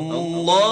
الله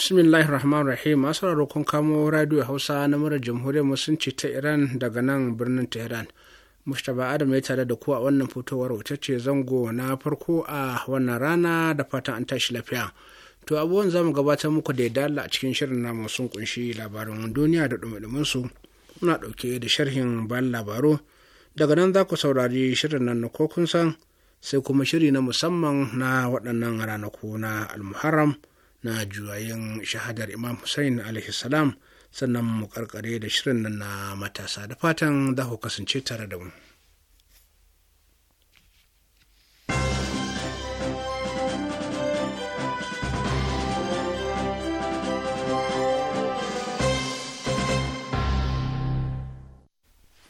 bismillahir rahmanir rahim masu kun kamo radio hausa na murar jamhuriyar musulunci ta iran daga nan birnin tehran mustapha adam ya tare da ku a wannan fitowar ce zango na farko a wannan rana da fatan an tashi lafiya to abubuwan za mu gabatar muku da ya a cikin shirin namu sun kunshi labaran duniya da dumi su muna dauke da sharhin bayan labaru daga nan za ku saurari shirin nan na ko kun san sai kuma shiri na musamman na waɗannan ranaku na almuharram na juyayin shahadar imam hussein alaihi salam sannan mu karkare da shirin nan na matasa da fatan za ku kasance tare da mu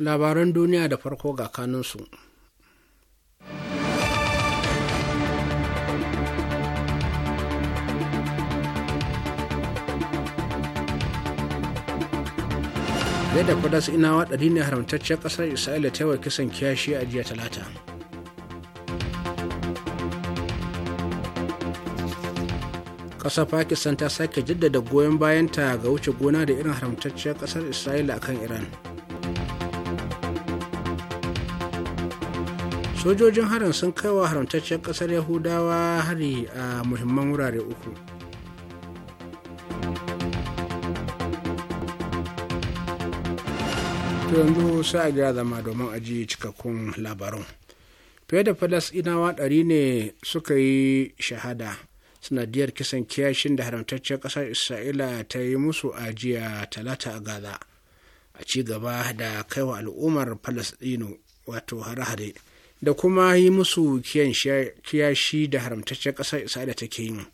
labaran duniya da farko ga kanunsu fiye da fadas inawa ɗari ne haramtacciyar ƙasar isra'ila ta yi kisan kiyashi a jiya talata ƙasar pakistan ta sake jaddada goyon bayanta ga wuce gona da irin haramtacciyar ƙasar isra'ila akan iran sojojin harin sun kai wa haramtacciyar ƙasar yahudawa hari a muhimman wurare uku yanzu sai a zama domin aji cikakkun labarun. fiye da falasɗinawa ɗari ne suka yi shahada sanadiyar kisan kiyashin da haramtaccen ƙasar isra'ila ta yi musu a jiya talata a gaza a ci gaba da kaiwa al'ummar falasɗinu wato hare-hare da kuma yi musu kiyashi da haramtaccen ƙasar isra'ila take yi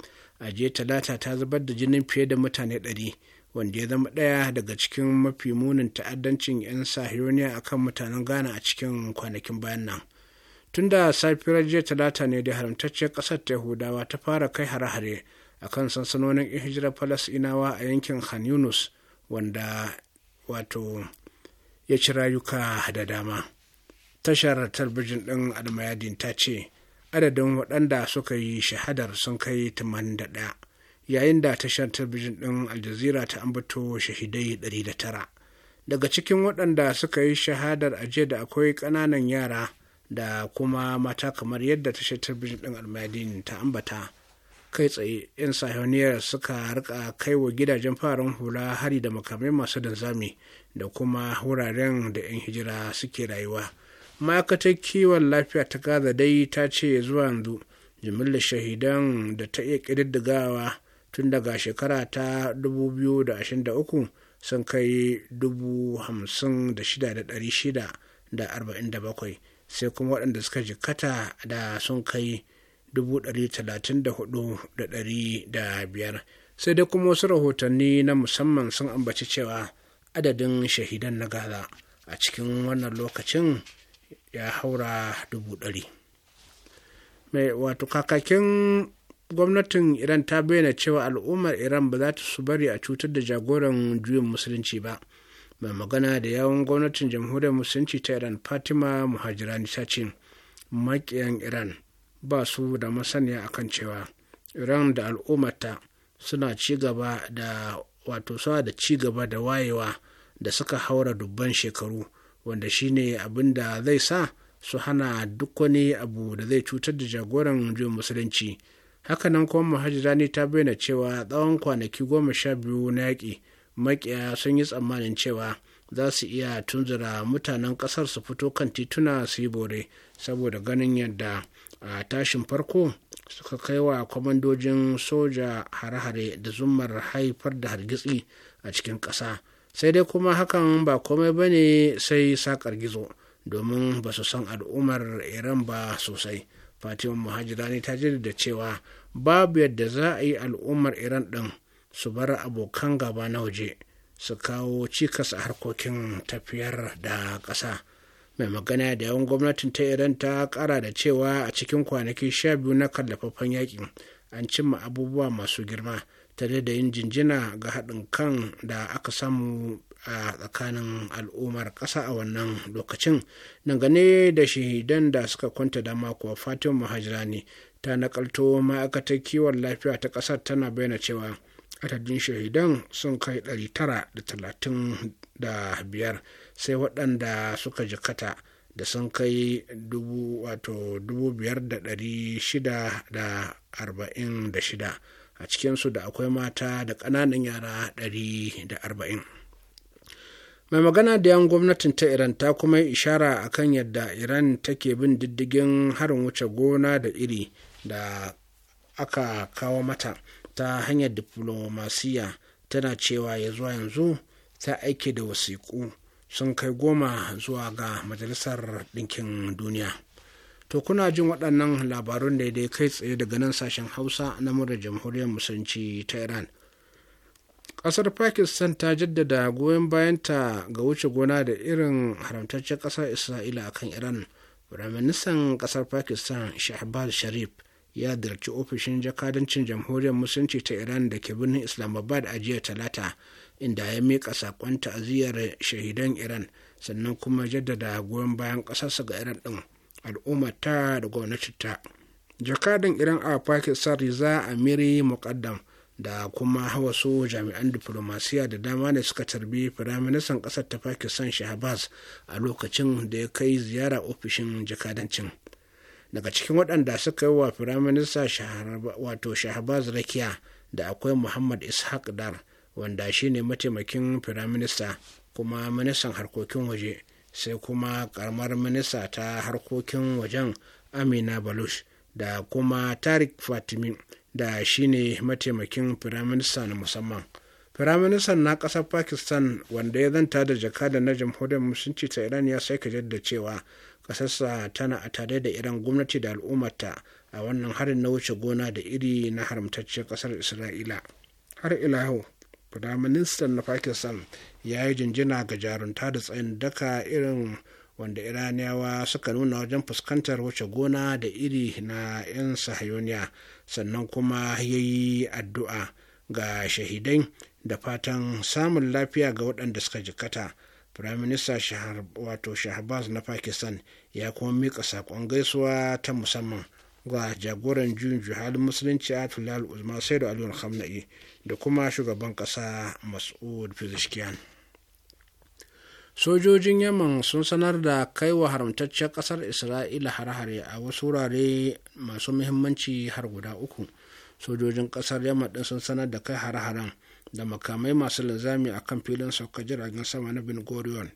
a talata ta zubar da jinin fiye da mutane ɗari wanda ya zama ɗaya daga cikin mafi munin ta'addancin 'yan sahironiya a kan mutanen ghana a cikin kwanakin bayan nan tun da safiyar jiya talata ne da haramtacciyar ƙasar ta yahudawa ta fara kai hare-hare a kan sansanonin yan hijirar falasinawa a yankin han yunus wanda wato ya ci rayuka da dama tashar talbijin ɗin almayadin ta ce adadin waɗanda suka yi shahadar sun kai 81 yayin da tashar talabijin ɗin aljazira ta ambato shahidai tara daga cikin waɗanda suka yi shahadar ajiya da akwai ƙananan yara da kuma mata kamar yadda tashar talabijin ɗin almadin ta ambata kai tsaye 'yan sahiyoniyar suka rika kai wa gidajen farin hula hari da makamai masu danzami da kuma wuraren da 'yan hijira suke rayuwa ma'aikatar kiwon lafiya ta gaza dai ta ce zuwa yanzu jimillar shahidan da ta iya ƙididdigawa tun daga shekara ta 2023 sun kai 56,647 sai kuma waɗanda suka jikata da sun kai 34,500 sai dai kuma wasu rahotanni na musamman sun ambaci cewa adadin shahidan na gaza a cikin wannan lokacin ya haura dubu mai wato kakakin gwamnatin iran ta bayyana cewa al'ummar iran ba za ta su bari a cutar da jagoran juyin musulunci ba mai magana da yawon gwamnatin jamhuriyar musulunci ta iran fatima muhajirani ta ce makiyan iran ba su da masaniya kan cewa iran da al'ummarta suna ci gaba da wato suna da ci gaba da wayewa da suka haura dubban shekaru wanda shine abin da zai sa su hana duk wani abu da zai cutar da jagoran juyin musulunci hakanan kuma mahajirani ta bayyana cewa tsawon kwanaki goma sha biyu na yaƙi makiya sun yi tsammanin cewa za su iya tunzura mutanen ƙasar su fito kan tituna su yi bore saboda ganin yadda a tashin farko suka kai wa kwamandojin soja hare-hare da zumar haifar da hargitsi a cikin ƙasa sai dai kuma hakan ba komai bane sai sakar gizo domin ba su san al'ummar iran ba sosai fatima muhajirani ta jaddada cewa babu yadda za a yi al'ummar iran ɗin su bar abokan gaba na waje su kawo cikas a harkokin tafiyar da ƙasa mai magana da yawan gwamnatin ta iran ta ƙara da cewa a cikin kwanaki sha biyu na kallafaffen yakin an cimma abubuwa masu girma tare da yin jinjina ga haɗin kan da aka samu a tsakanin al'ummar ƙasa a wannan lokacin dangane da shahidan da suka kwanta da kuwa fatima Mahajirani ta nakalto ma'aikatar kiwon lafiya ta ƙasar tana bayyana cewa adadin shahidan sun kai da biyar, sai waɗanda suka jikata da sun kai 5,646 a cikinsu da akwai mata da ƙananan yara da arba'in mai magana da yan gwamnatin ta iran ta kuma yi ishara a kan yadda iran take bin diddigin harin wuce gona da iri da aka kawo mata ta hanyar diflomasiya tana cewa ya zuwa yanzu ta aike da wasiƙu sun kai goma zuwa ga majalisar ɗinkin duniya to kuna jin waɗannan labarun daidai kai tsaye daga nan sashen hausa na murar jamhuriyar musulunci ta iran kasar pakistan ta jaddada goyon bayanta ga wuce gona da irin haramtaccen kasar isra'ila a kan iran firaministan kasar pakistan shahbaz sharif ya dirci ofishin jakadancin jamhuriyar musulunci ta iran da ke birnin islamabad a jiya talata inda ya miƙa saƙon ta'aziyar shahidan iran sannan kuma jaddada goyon bayan ƙasarsa ga iran ɗin al'ummata da gwamnati gwamnatinta jakadan iran a pakistan riza amiri muqaddam da kuma wasu jami'an diplomasiya da dama ne suka tarbi firaministan ƙasar ta pakistan shahbaz a lokacin da ya kai ziyara ofishin jakadancin daga cikin waɗanda suka yi wa firaminista wato shahbaz rakiya da akwai muhammad ishaq dar wanda shine mataimakin firaminista kuma ministan harkokin waje sai kuma karamar minista ta harkokin wajen amina balush da kuma tarik fatimi da shi ne mataimakin firaminista na musamman firaministan na ƙasar pakistan wanda ya zanta da jakada na jamhuriyar musulunci ta iran ya sai da cewa ƙasarsa tana a tare da iran gwamnati da al'ummarta a wannan harin na wuce gona da iri na haramtacciyar ƙasar isra'ila har ila yau firaministan na pakistan ya yi jinjina ga jarunta da tsayin daka irin wanda iraniyawa suka nuna wajen fuskantar wuce gona da iri na 'yan sahayoniya sannan kuma ya yi addu'a ga shahidai da fatan samun lafiya ga waɗanda suka jikata firaminista wato shahbaz na pakistan ya kuma mika saƙon gaisuwa ta musamman ga jagoran juyin juhalin musulunci atulal sai saido aliyu da kuma shugaban ƙasa mas'ud fizishkiyan. sojojin yaman sun sanar da kai wa haramtacciyar kasar isra'ila har-hare a wasu wurare masu muhimmanci har guda uku sojojin kasar yaman din sun sanar da kai har-haren da makamai masu linzami a kan filin sauka jiragen sama na bin gorion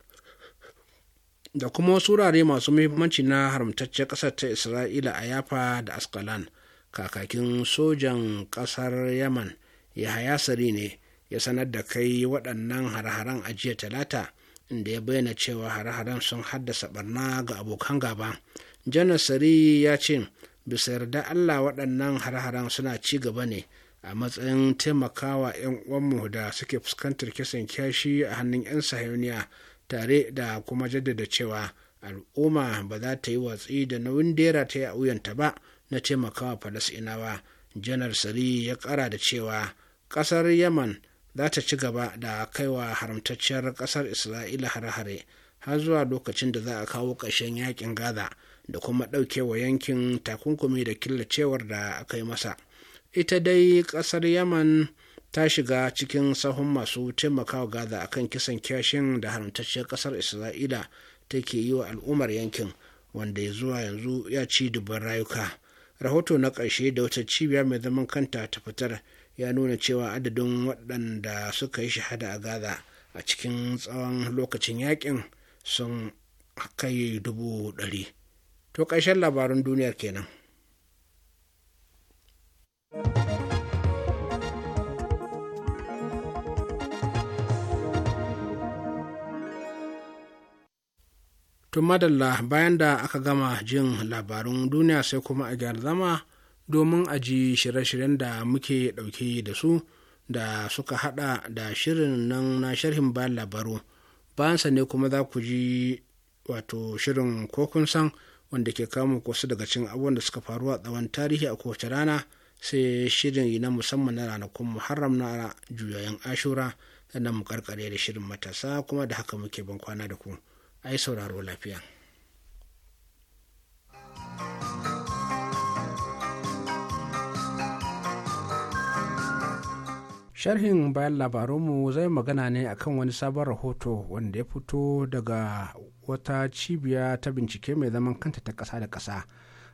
da kuma wasu wurare masu muhimmanci na haramtacciyar kasar ta isra'ila a yafa da askalan kakakin sojan kasar yaman yahaya sari ne ya sanar da kai waɗannan har-haren a jiya talata da ya bayyana cewa hare-haren sun haddasa barna ga abokan gaba janar sari ya ce bisa yarda allah waɗannan hare-haren suna ci gaba ne a matsayin taimakawa 'yan uwanmu da suke fuskantar kisan kyashi a hannun 'yan sahiyoniya tare da kuma jaddada cewa al'umma ba za ta yi watsi da nauyin dera ta yi a wuyanta ba na taimakawa falasinawa janar sari ya kara da cewa ƙasar yaman za ta ci gaba da kaiwa haramtacciyar ƙasar isra'ila hare-hare har zuwa lokacin da za a kawo ƙarshen yakin gaza da kuma ɗaukewa yankin takunkumi da killacewar da aka yi masa ita dai ƙasar yaman ta shiga cikin sahun masu taimakawa gaza akan kisan kyashin da haramtacciyar ƙasar isra'ila take yi wa al'ummar yankin wanda ya zuwa yanzu ya ci dubban rayuka rahoto na ƙarshe da wata cibiya mai zaman kanta ta fitar ya nuna cewa adadin waɗanda suka yi shahada a gaza a cikin tsawon lokacin yakin sun kai dubu ɗari to ƙarshen labarin duniyar kenan tun madalla bayan da aka gama jin labarun duniya sai kuma a gyar zama domin a ji shirye-shiryen da muke ɗauke da su da suka haɗa da shirin nan na sharhin bayan labaru bayansa ne kuma za ku ji wato shirin ko kun san wanda ke kama kusa daga cin abubuwan da suka faru a tsawon tarihi a kowace rana sai shirin na musamman na ranakun muharram na juyayen ashura sannan mu karkare da shirin matasa kuma da haka muke ban kwana da ku ai sauraro lafiya. sharhin bayan labarunmu zai magana ne akan wani sabon rahoto wanda ya fito daga wata cibiya ta bincike mai zaman kanta ta ƙasa da ƙasa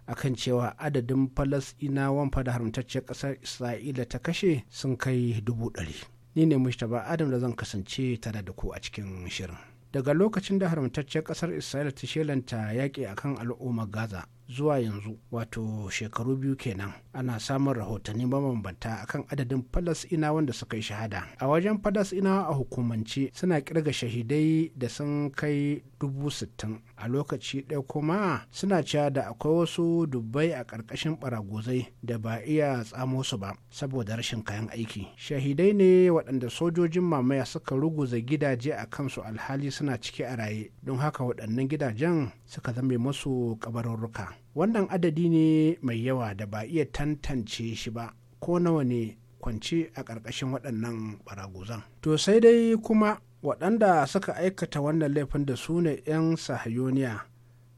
akan cewa adadin falasɗinawan fada haramtacciyar ƙasar isra'ila ta kashe sun kai dubu ɗari ni ne mustapha adam da zan kasance tare da ku a cikin shirin daga lokacin da haramtacciyar ƙasar isra'ila ta shelanta yaƙi akan al'ummar gaza zuwa yanzu wato shekaru biyu kenan ana samun rahotanni mabambanta akan adadin falasina wanda suka yi shahada a wajen falasina a hukumance suna kirga shahidai da sun kai dubu sittin a lokaci ɗaya kuma suna cewa da akwai wasu dubbai a ƙarƙashin baragozai da ba iya tsamo su ba saboda rashin kayan aiki shahidai ne waɗanda sojojin mamaya suka ruguza gidaje a kansu alhali suna ciki a raye don haka waɗannan gidajen suka zame masu kabarurruka wannan adadi ne mai yawa da ba iya tantance shi ba ko nawa ne kwance a ƙarƙashin waɗannan baraguzan to sai dai kuma waɗanda suka aikata wannan laifin da su ne 'yan sahayoniya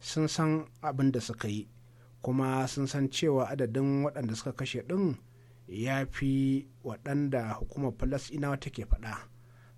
sun san abin da suka yi kuma sun san cewa adadin waɗanda suka kashe ɗin ya fi waɗanda hukumar falasɗinawa take faɗa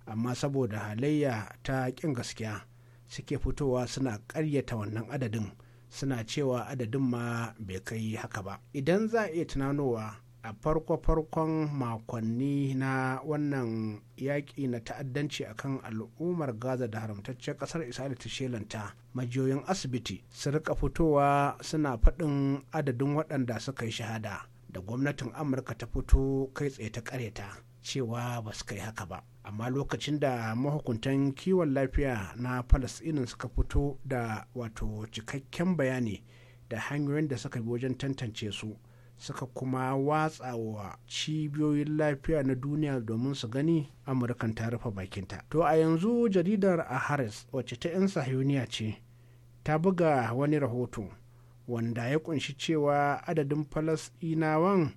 amma saboda halayya ta ƙin gaskiya suke fitowa suna ƙaryata wannan adadin suna cewa adadin ma bai kai haka ba idan za a iya tunanowa a farko-farkon makonni na wannan yaƙi na ta'addanci akan al'ummar gaza da haramtaccen ƙasar isra'ila ta shelanta majiyoyin asibiti su rika fitowa suna faɗin adadin waɗanda suka yi shahada da gwamnatin amurka ta fito kai tsaye ta ƙaryata, cewa ba su kai haka ba amma lokacin da mahukuntan kiwon lafiya na palestinian suka fito da wato cikakken bayani da hanyoyin da suka bi wajen tantance su suka kuma watsa wa cibiyoyin lafiya na duniya domin su gani amurkan ta rufe bakinta to a yanzu jaridar a harris wacce ta 'yan sahiyoniya ce ta buga wani rahoto wanda ya kunshi cewa adadin falasɗinawan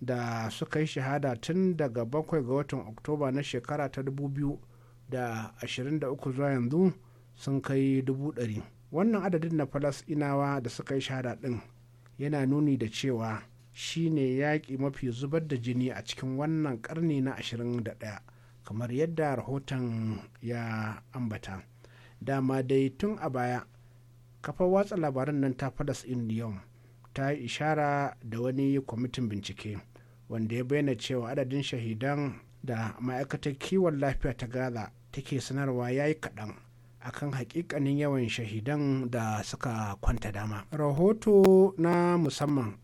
da suka yi shahada tun daga bakwai ga watan oktoba na shekara ta 2023 zuwa yanzu sun kai dubu ɗari wannan adadin na falasɗinawa da suka yi shahada ɗin yana nuni da cewa shi ne yaƙi mafi zubar da jini a cikin wannan karni na ashirin da 21 kamar yadda rahoton ya ambata dama dai tun a baya kafa watsa labaran nan ta in yau. ta yi ishara da wani kwamitin bincike wanda ya bayyana cewa adadin shahidan da ma'aikatar kiwon lafiya ta gaza take sanarwa ya yi kaɗan akan hakikanin yawan shahidan da suka kwanta dama rahoto na musamman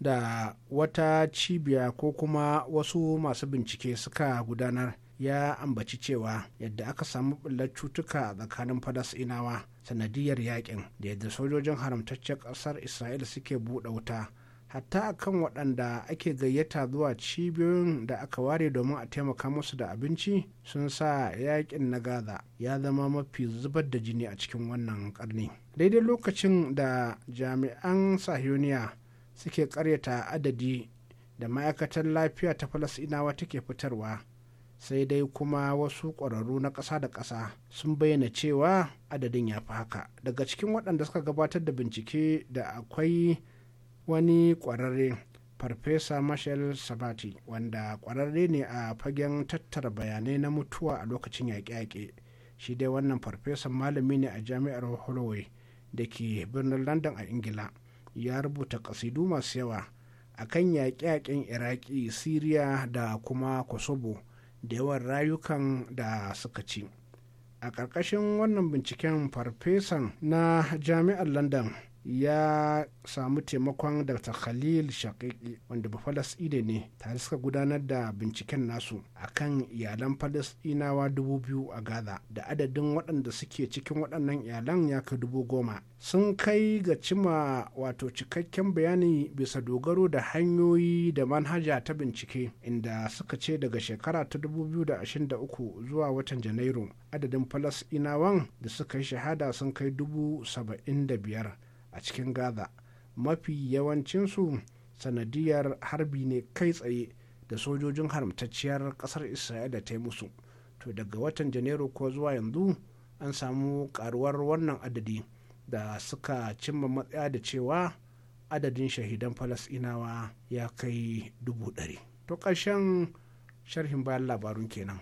da wata cibiya ko kuma wasu masu bincike suka gudanar ya ambaci cewa yadda aka samu bullar cutuka a tsakanin falasinawa sanadiyar yakin da yadda sojojin haramtaccen ƙasar isra'ila suke buɗe wuta hatta akan waɗanda ake gayyata zuwa cibiyoyin da aka ware domin a taimaka musu da abinci sun sa yakin na gaza ya zama mafi zubar da jini a cikin wannan karni daidai lokacin da jami'an sahiyoniya suke karyata adadi da ma'aikatar lafiya ta falasinawa take fitarwa sai dai kuma wasu ƙwararru na ƙasa da ƙasa sun bayyana cewa adadin ya fi haka daga cikin waɗanda suka gabatar da bincike da akwai wani ƙwararre farfesa marshal sabati wanda ƙwararre ne a fagen tattara bayanai na mutuwa a lokacin yaƙe-yaƙe shi dai wannan farfesan malami ne a jami'ar holloway da ke birnin london a ingila ya rubuta ƙasidu masu yawa akan yaƙe-yaƙen iraki siriya da kuma kosovo da yawan rayukan da suka ci a ƙarƙashin wannan binciken farfesan na jami'ar london ya samu taimakon dr khalil shakiki wanda ba falasɗina ne tare suka gudanar da binciken nasu a kan iyalan falasɗinawa dubu biyu a gaza da adadin waɗanda suke cikin waɗannan iyalan ya kai dubu goma sun kai ga cima wato cikakken bayani bisa dogaro da hanyoyi da manhaja ta bincike inda suka ce daga shekara ta 2023 zuwa watan janairu adadin falasɗinawan da suka yi shahada sun kai dubu saba'in da biyar a cikin gaza mafi yawancinsu sanadiyar harbi ne kai tsaye da sojojin haramtacciyar kasar isra'ila ta yi musu to daga watan janairu ko zuwa yanzu an samu karuwar wannan adadi da suka cimma matsaya da cewa adadin shahidan falasinawa ya kai dubu ɗari to ƙarshen sharhin bayan labarun kenan.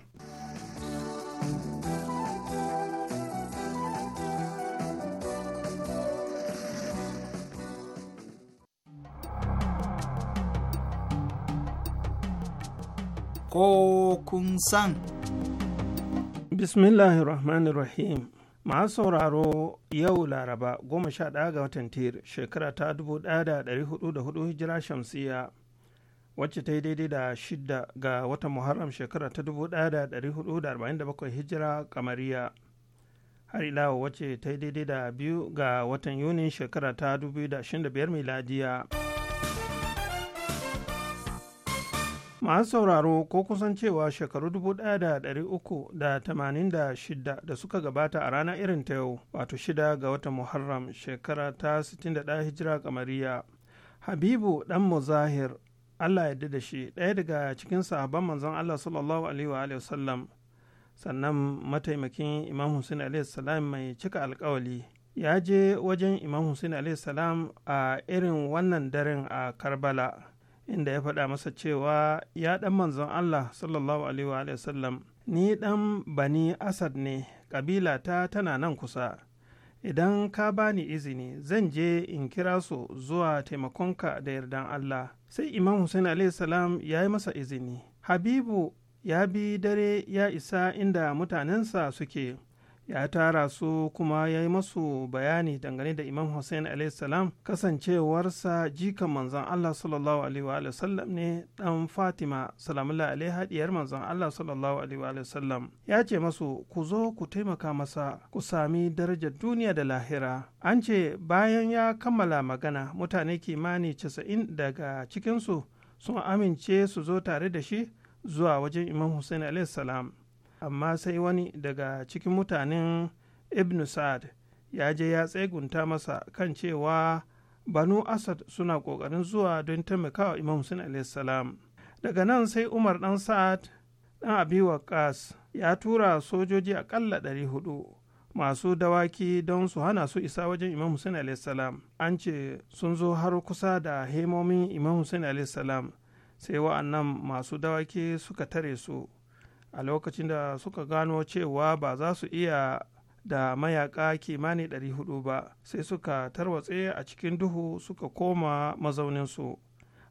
ko kun san. Bismillahirrahmanirrahim. Masu sauraro yau Laraba goma sha ɗaya ga watan Tir shekara ta dubu ɗaya da ɗari hudu da hudu hijira shamsiya wacce ta yi daidai da shidda ga watan Muharram shekara ta dubu ɗaya da ɗari hudu da arba'in da bakwai hijira kamariya. Har ila wacce ta yi daidai da biyu ga watan Yunin shekara ta dubu da ashirin da biyar miladiya. masu sauraro ko kusan cewa shekaru 1386 da suka gabata a rana irin ta yau wato shida ga wata muharram shekara ta 61 hijira kamariya habibu dan muzahir allah ya da shi ɗaya daga cikin sahabban manzon allah sallallahu alaihi wa sallam sannan mataimakin imam hussein alaihi salam mai cika alkawali ya je wajen imam hussein alaihi salam a irin wannan daren a karbala inda ya faɗa masa cewa ya ɗan manzon Allah sallallahu alaihi wa sallam ni ɗan bani Asad ne ƙabila ta tana nan kusa idan ka bani izini zan je in kira su zuwa taimakonka da yardan Allah sai Imam Hussein salam ya yi masa izini Habibu ya bi dare ya isa inda mutanensa suke ya tara su kuma ya yi masu bayani dangane da imam hussein salam kasancewarsa jikan manzon allah sallallahu alaihi sallam ne dan fatima salamullah alaihi hadiyar manzon allah sallallahu alaihi sallam ya ce masu ku zo ku taimaka masa ku sami darajar duniya da lahira an ce bayan ya kammala magana mutane kimani casa'in daga cikinsu sun amince su zo tare da shi zuwa wajen imam hussein salam amma sai wani daga cikin mutanen ibn sa'ad ya je ya tsegunta masa kan cewa banu asad suna ƙoƙarin zuwa don taimakawa imam Hussein salam daga nan sai umar dan sa'ad dan abi ya tura sojoji aƙalla ɗari hudu masu dawaki don su hana su isa wajen imam Hussein salam an ce sun zo har kusa da hemomin imam Hussein salam sai wa'annan masu dawaki suka tare su a lokacin da suka gano cewa ba za su iya da mayaka kimanin 400 ba sai suka tarwatse a cikin duhu suka koma mazauninsu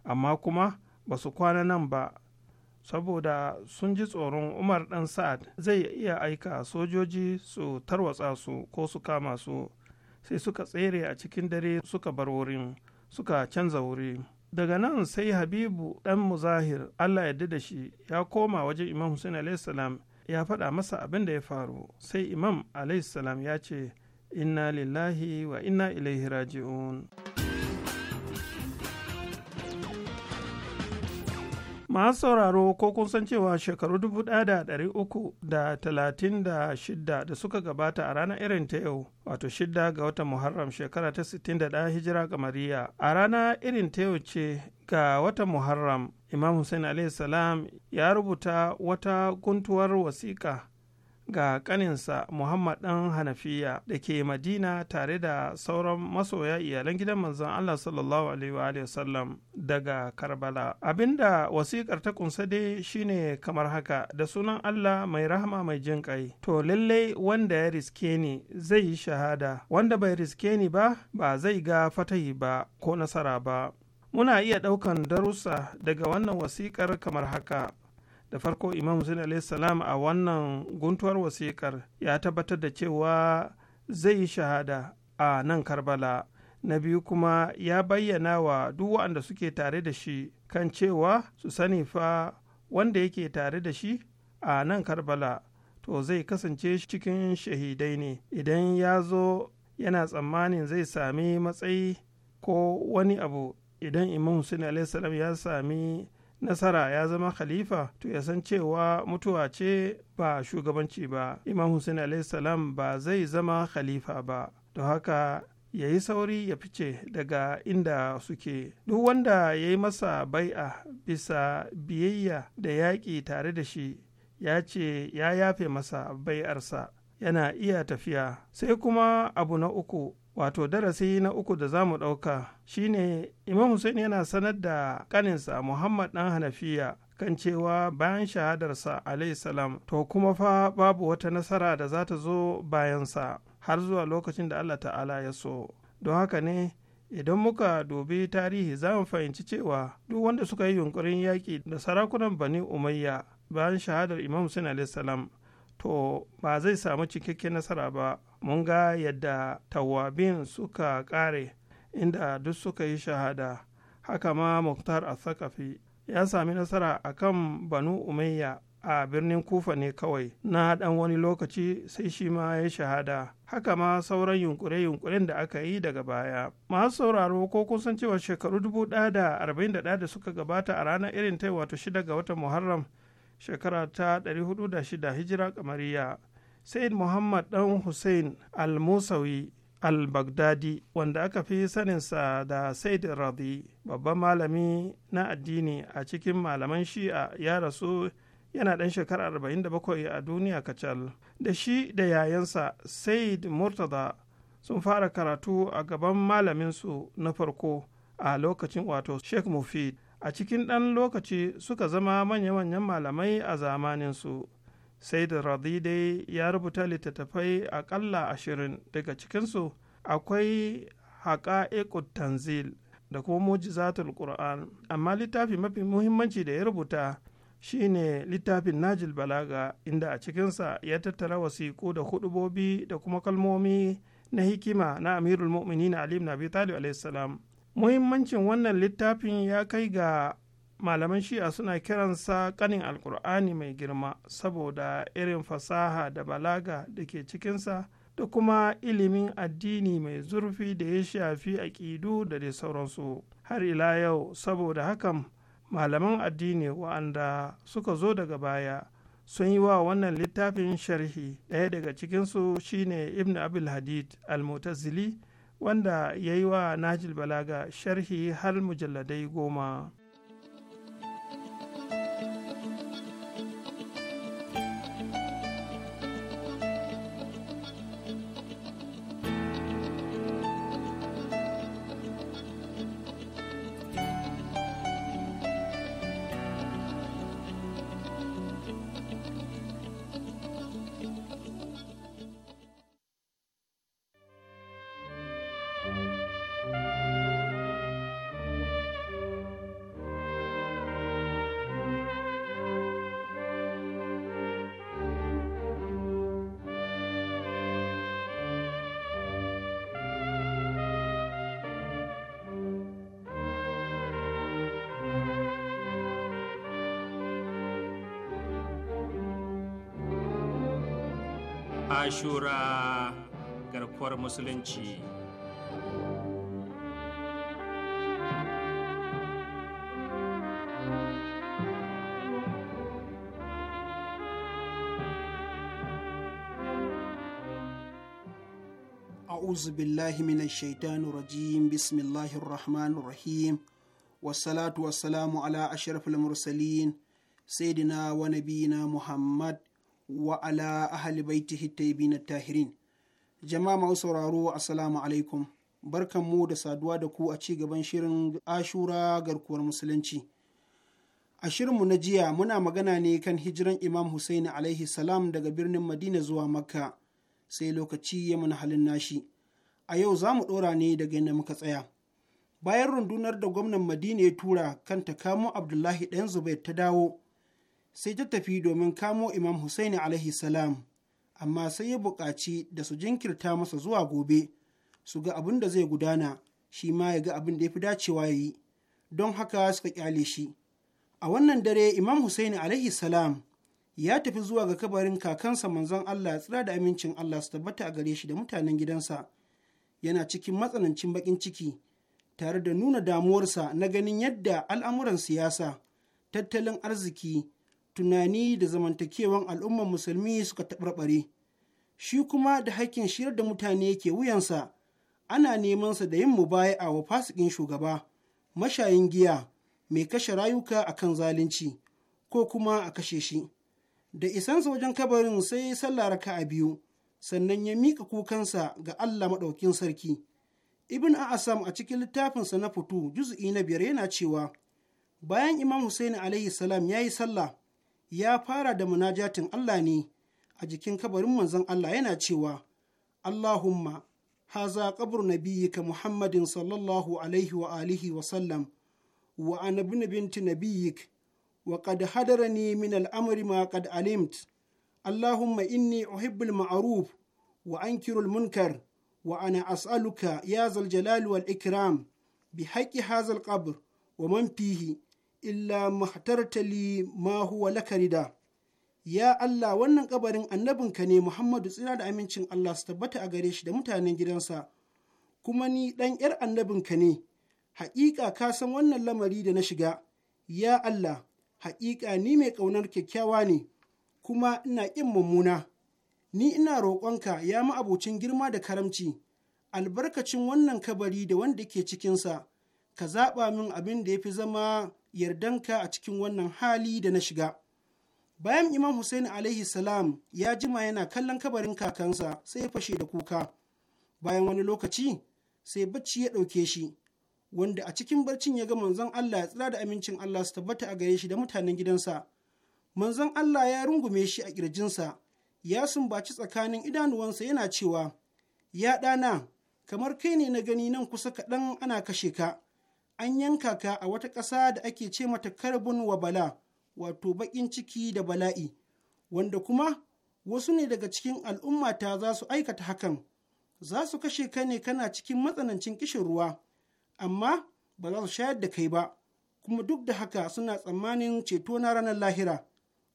amma kuma ba su kwana nan ba saboda sun ji tsoron umar dan sa'ad zai iya aika sojoji su tarwatsa su ko su kama su sai suka tsere a cikin dare suka bar wurin suka canza wuri daga nan sai habibu dan muzahir allah ya da shi ya koma wajen imam hussein alaihissalam ya faɗa masa abin da ya faru sai imam alaihissalam ya ce inna lillahi wa inna ilaihi raji'un. masu sauraro ko kun san cewa shekaru dubu da da da da uku talatin shidda suka gabata a rana irin ta yau wato shidda ga watan muharram shekara ta sittin da 61 hijira ga mariya a rana irin ta yau ce ga watan muharram imam hussein salam ya rubuta wata guntuwar wasiƙa ga kaninsa Muhammad ɗan Hanafiya da ke Madina tare da sauran masoya iyalan gidan manzon Allah sallallahu alaihi wasallam daga Karbala. Abinda wasikar ta kunsa dai shine kamar haka da sunan Allah mai rahama mai jin kai. To lallai wanda ya riske ni zai yi shahada, wanda bai riske ni ba ba zai ga fatahi ba ko nasara ba. Muna iya ɗaukan darussa daga wannan wasiƙar kamar haka. da farko imam hussein salam a wannan guntuwar wasikar ya tabbatar da cewa zai yi shahada a nan karbala na biyu kuma ya bayyana wa duk waɗanda suke tare da shi kan cewa su sani fa wanda yake tare da shi a nan karbala to zai kasance cikin shahidai ne idan ya zo yana tsammanin zai sami matsayi ko wani abu idan imam hussein salam ya sami nasara ya zama khalifa to ya san cewa mutuwa ce ba shugabanci ba imam hussein salam ba zai zama khalifa ba To haka ya yi sauri ya fice daga inda suke duk wanda ya yi masa bai'a bisa biyayya da yaƙi tare da shi ya ce ya yafe masa bai'arsa yana iya tafiya sai kuma abu na uku wato darasi na uku da za mu ɗauka shine imam hussein yana sanar da kaninsa muhammad Dan hanafiya kan cewa bayan shahadarsa salam to kuma fa babu wata nasara da za ta zo bayansa har zuwa lokacin da allah ta'ala ya so don haka ne idan muka dubi tarihi za mu fahimci cewa duk wanda suka yi yunkurin yaƙi da sarakunan bani umayya bayan shahadar imam hussein salam to ba zai samu cikakken nasara ba mun ga yadda tawabin suka ƙare inda duk suka yi shahada haka ma muktar asakafi ya sami nasara a kan banu umayya a birnin kufa ne kawai na ɗan wani lokaci sai shi ma ya shahada haka ma sauran yunkure-yunkuren da aka yi daga baya masu sauraro ko kun san cewa shekaru dubu da arba'in da da suka gabata a ranar irin tai wato shida ga watan muharram shekara ta 406 hijira kamariya said muhammad dan hussein al-musawi al-baghdadi wanda aka fi saninsa da said radi babban malami na addini a cikin malaman shi'a ya rasu yana ɗan shekara 47 a duniya kacal da shi da yayansa said Murtada sun fara karatu a gaban malaminsu na farko a lokacin wato sheikh mufid a cikin ɗan lokaci suka zama manya-manyan malamai a zamaninsu said radi dai ya rubuta littattafai aƙalla ashirin daga cikinsu akwai haƙa tanzil da kuma mujizatul qur'an amma littafi mafi muhimmanci da ya rubuta shine littafin najil balaga inda a cikinsa ya tattara wasiƙu da hudubobi da kuma kalmomi na hikima na amirul mu'minin ali ibn abi talib muhimmancin wannan littafin ya kai ga malaman shi'a suna kiransa kanin alkur'ani mai girma saboda irin fasaha da balaga da ke cikinsa da kuma ilimin addini mai zurfi da ya shafi aƙidu da dai sauransu har ila yau saboda hakan malaman addini wa'anda suka zo daga baya sun yi wa wannan littafin sharhi ɗaya daga cikinsu shine ibn abul hadid al-mutazili wanda ya yi wa najil balaga sharhi har mujalladai goma ashura garkuwar musulunci أعوذ بالله من الشيطان الرجيم بسم الله الرحمن الرحيم والصلاة والسلام على أشرف المرسلين سيدنا ونبينا محمد wa ala ahli bi na tahirin jama'a masu sauraro assalamu alaikum barkan mu da saduwa da ku a ci gaban shirin ashura garkuwar musulunci a shirinmu na jiya muna magana ne kan hijiran imam husaini alaihi salam daga birnin madina zuwa makka sai lokaci ya mana halin nashi a yau za mu ɗora ne daga inda muka tsaya bayan rundunar da gwamnan madina ya tura kan ta abdullahi ɗan zubair ta dawo sai ta tafi domin kamo imam Hussaini alaihi salam amma sai ya buƙaci da su jinkirta masa zuwa gobe su ga abin da zai gudana shi ma ya ga abin da ya fi dacewa ya yi don haka suka kyale shi a wannan dare imam Hussaini alaihi salam ya tafi zuwa ga kabarin kakansa manzon Allah tsira da amincin Allah su tabbata a gare shi da mutanen gidansa yana cikin matsanancin baƙin ciki tare da nuna damuwarsa na ganin yadda al'amuran siyasa tattalin arziki tunani da zamantakewan al'ummar musulmi suka taɓarɓare shi kuma da hakkin shirar da mutane ke wuyansa ana nemansa da yin mubaya'a wa fasikin shugaba mashayin giya mai kashe rayuka a kan zalunci ko kuma a kashe shi da isansa wajen kabarin sai sallah raka a biyu sannan ya miƙa kukansa ga Allah maɗaukin sarki ibn a'asam a cikin littafinsa na fito juz'i na biyar yana cewa bayan imam Hussein alaihi salam ya yi sallah ya fara da munajatin Allah ne a jikin kabarin manzon Allah yana cewa Allahumma haza qabru nabiyyika Muhammadin sallallahu alaihi wa alihi wa sallam wa ana binti nabiyyik wa qad hadarani min al-amri ma qad alimt Allahumma inni uhibbul ma'ruf wa ankirul munkar wa ana as'aluka ya zal jalali wal ikram bi haqqi hazal qabr wa man fihi illa mahtartali ma huwa lakarida ya Allah wannan kabarin annabin ka ne Muhammadu tsina da amincin Allah su tabbata a gare shi da mutanen gidansa kuma ni ɗan ‘yar annabin ka ne, haƙiƙa ka san wannan lamari da na shiga, ya Allah, haƙiƙa ni mai ƙaunar kyakkyawa ne, kuma ina ƙin mummuna. Ni ina roƙonka ya ma'abucin girma da karamci, albarkacin wannan kabari da wanda ke cikinsa, ka zaɓa min abin da ya fi zama yardanka a cikin wannan hali da na shiga. Bayan Imam Hussein alaihi salam ya jima yana kallon kabarin kakansa sai ya fashe da kuka. Bayan wani lokaci sai bacci ya ɗauke shi, wanda a cikin barcin ya ga manzon Allah ya tsira da amincin Allah su tabbata a gare shi da mutanen gidansa. Manzon Allah ya rungume shi a ƙirjinsa, ya sumbaci tsakanin idanuwansa yana cewa, Ya ɗana, kamar kai ne na gani nan kusa kaɗan ana kashe ka. an yanka ka a wata ƙasa da ake ce mata karbun wa bala wato baƙin ciki da bala'i wanda kuma wasu ne daga cikin al'ummata za su aikata hakan za su kashe ka ne kana cikin matsanancin kishin ruwa amma ba za su shayar da kai ba kuma duk da haka suna tsammanin ceto na ranar lahira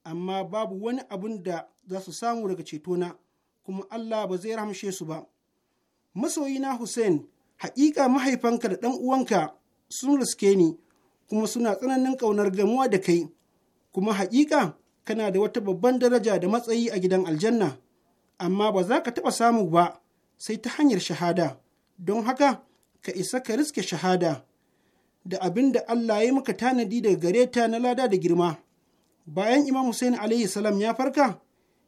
amma babu wani abun da za su samu daga ceto na kuma Allah ba zai rahamshe su ba masoyina Hussein haƙiƙa mahaifanka da ɗan uwanka sun riske ni kuma suna tsananin ƙaunar gamuwa da kai kuma haƙiƙa kana da wata babban daraja da matsayi a gidan aljanna amma ba za ka taɓa samu ba sai ta hanyar shahada don haka ka isa ka riske shahada da abin da Allah ya maka tanadi daga gare ta na lada da girma bayan imam Hussein alaihi salam ya farka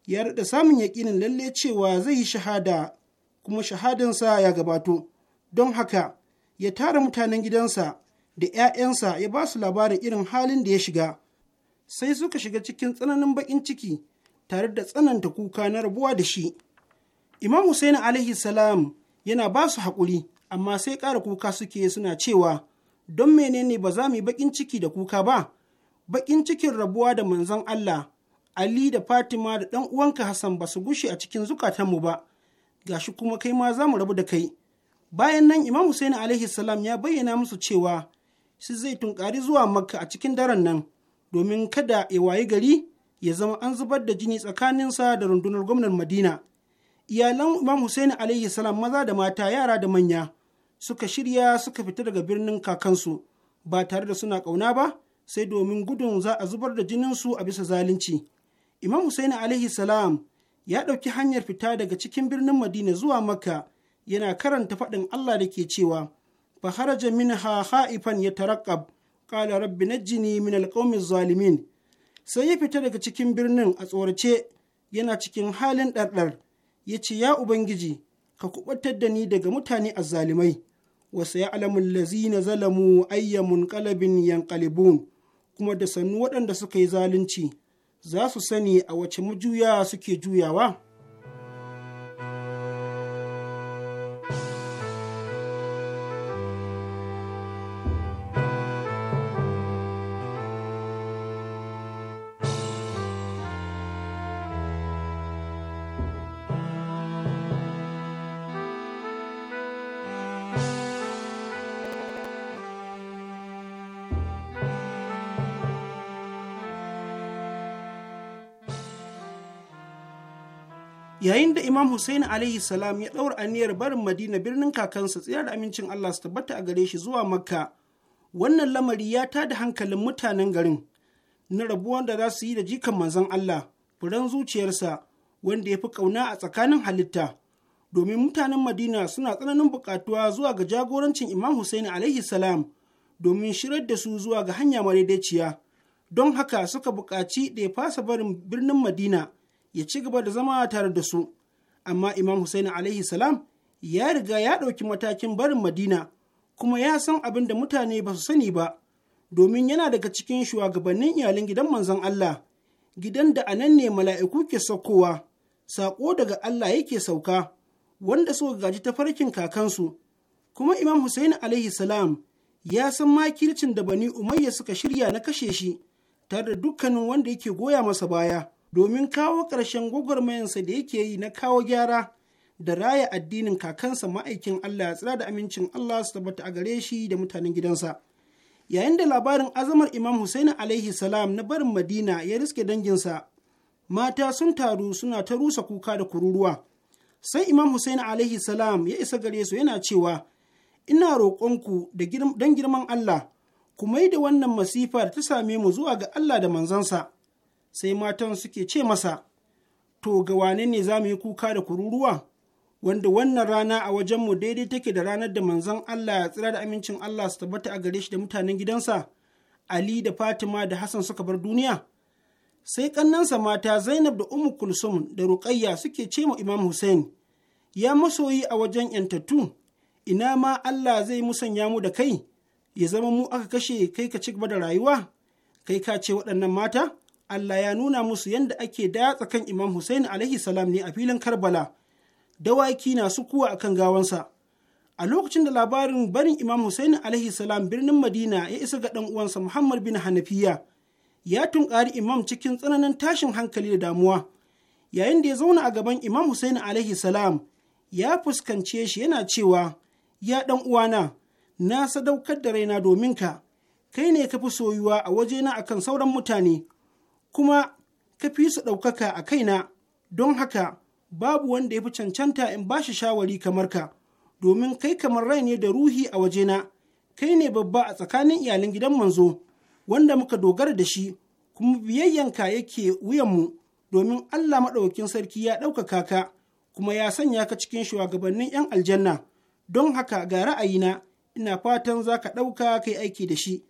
ya rada samun yaƙinin lalle cewa zai yi shahada kuma shahadansa ya gabato don haka ya tara mutanen gidansa da ‘ya'yansa ya ba su labarin irin halin da ya shiga, sai suka shiga cikin tsananin baƙin ciki tare da tsananta kuka na rabuwa da shi. Imam Hussein alaihi salam yana ba su haƙuri, amma sai ƙara kuka suke suna cewa, don menene ba za mu yi baƙin ciki da kuka ba, baƙin cikin rabuwa da manzon Allah, Ali da Fatima da ɗan uwanka Hassan ba su gushe a cikin zukatanmu ba, gashi kuma kai ma za mu rabu da kai. bayan nan imam Hussein alaihi salam ya bayyana musu cewa shi zai tunkari zuwa makka a cikin daren nan domin kada ya wayi gari ya zama an zubar da jini tsakaninsa da rundunar gwamnan madina iyalan imam Hussein alaihi salam maza da mata yara da manya suka shirya suka fita daga birnin kakansu ba tare da suna ƙauna ba sai domin gudun za a zubar da jininsu a bisa zalunci imam Hussein alaihi salam ya ɗauki hanyar fita daga cikin birnin madina zuwa makka yana karanta faɗin Allah da ke cewa fa haraja min ha ha'ifan ya tarakkab ƙala rabbi na jini min alƙaumin zalimin sai ya fita daga cikin birnin a tsorace yana cikin halin ɗarɗar ya ce ya ubangiji ka kuɓatar da ni daga mutane a zalimai, wasu ya alamun na zalamu ayyamun ƙalabin yankalibun kuma da sannu waɗanda suka yi zalunci za su sani a wace mujuya suke juyawa. yayin da imam Hussein alaihi salam ya ɗaura aniyar barin madina birnin kakansa tsayar da amincin allah su tabbata a gare shi zuwa makka wannan lamari ya da hankalin mutanen garin na rabuwan da za su yi da jikan manzon allah furen zuciyarsa wanda ya fi ƙauna a tsakanin halitta domin mutanen madina suna tsananin buƙatuwa zuwa ga jagorancin imam Hussein alaihi salam domin shirar da su zuwa ga hanya madaidaiciya don haka suka buƙaci da ya fasa barin birnin madina ya ci gaba da zama tare da su amma imam Hussein alaihi salam ya riga ya ɗauki matakin barin madina kuma ya san abin da mutane ba su sani ba domin yana daga cikin shugabannin iyalin gidan manzon Allah gidan da anan ne mala'iku ke saukowa saƙo daga Allah yake sauka wanda suka gaji tafarkin kakansu kuma imam Hussein alaihi salam ya san makircin da bani umayya suka shirya na kashe shi tare da dukkanin wanda yake goya masa baya domin kawo ƙarshen gwagwarmayansa da yake yi na kawo gyara da raya addinin kakansa ma'aikin Allah ya tsira da amincin Allah su tabbata a gare shi da mutanen gidansa. Yayin da labarin azamar Imam Hussein alaihi salam na barin Madina ya riske danginsa, mata sun taru suna ta rusa kuka da kururuwa. Sai Imam Hussein alaihi salam ya isa gare su yana cewa, Ina roƙonku don girman Allah, ku mai da wannan masifa da ta same mu zuwa ga Allah da manzansa. sai matan suke ce masa to ga wane ne za mu yi kuka da kururuwa wanda wannan rana a wajenmu daidai take da ranar da manzon Allah ya tsira da amincin Allah su tabbata a gare shi da mutanen gidansa Ali da Fatima da Hassan suka bar duniya sai ƙannansa mata Zainab da Ummu Kulsum da Ruqayya suke ce ma Imam Hussein ya masoyi a wajen yantattu ina ma Allah zai musanya mu da kai ya zama mu aka kashe kai ka ci gaba da rayuwa kai ka ce waɗannan mata Allah ya nuna musu yadda ake datsa kan Imam Hussein alaihi salam ne a filin Karbala, dawaki na sukuwa akan gawansa. A lokacin da labarin barin Imam Hussein alaihi salam birnin Madina ya isa ga ɗan uwansa Muhammad bin Hanafiya, ya tunkari Imam cikin tsananin tashin hankali da damuwa. Yayin da ya zauna a gaban Imam Hussein alaihi salam, ya fuskance shi yana cewa, Ya ɗan uwana, na sadaukar da raina domin ka, kai ne ka fi soyuwa a wajena akan sauran mutane. kuma ka fi su ɗaukaka a kaina don haka babu wanda ya fi cancanta in ba shi shawari kamar ka domin kai kamar rai ne da ruhi a wajena kai ne babba a tsakanin iyalin gidan manzo wanda muka dogara da shi kuma biyayyanka yake wuyanmu domin Allah maɗaukin sarki ya ɗaukaka ka kuma ya sanya ka cikin shugabannin 'yan aljanna don haka ga ra'ayina ina fatan za ka ɗauka kai aiki da shi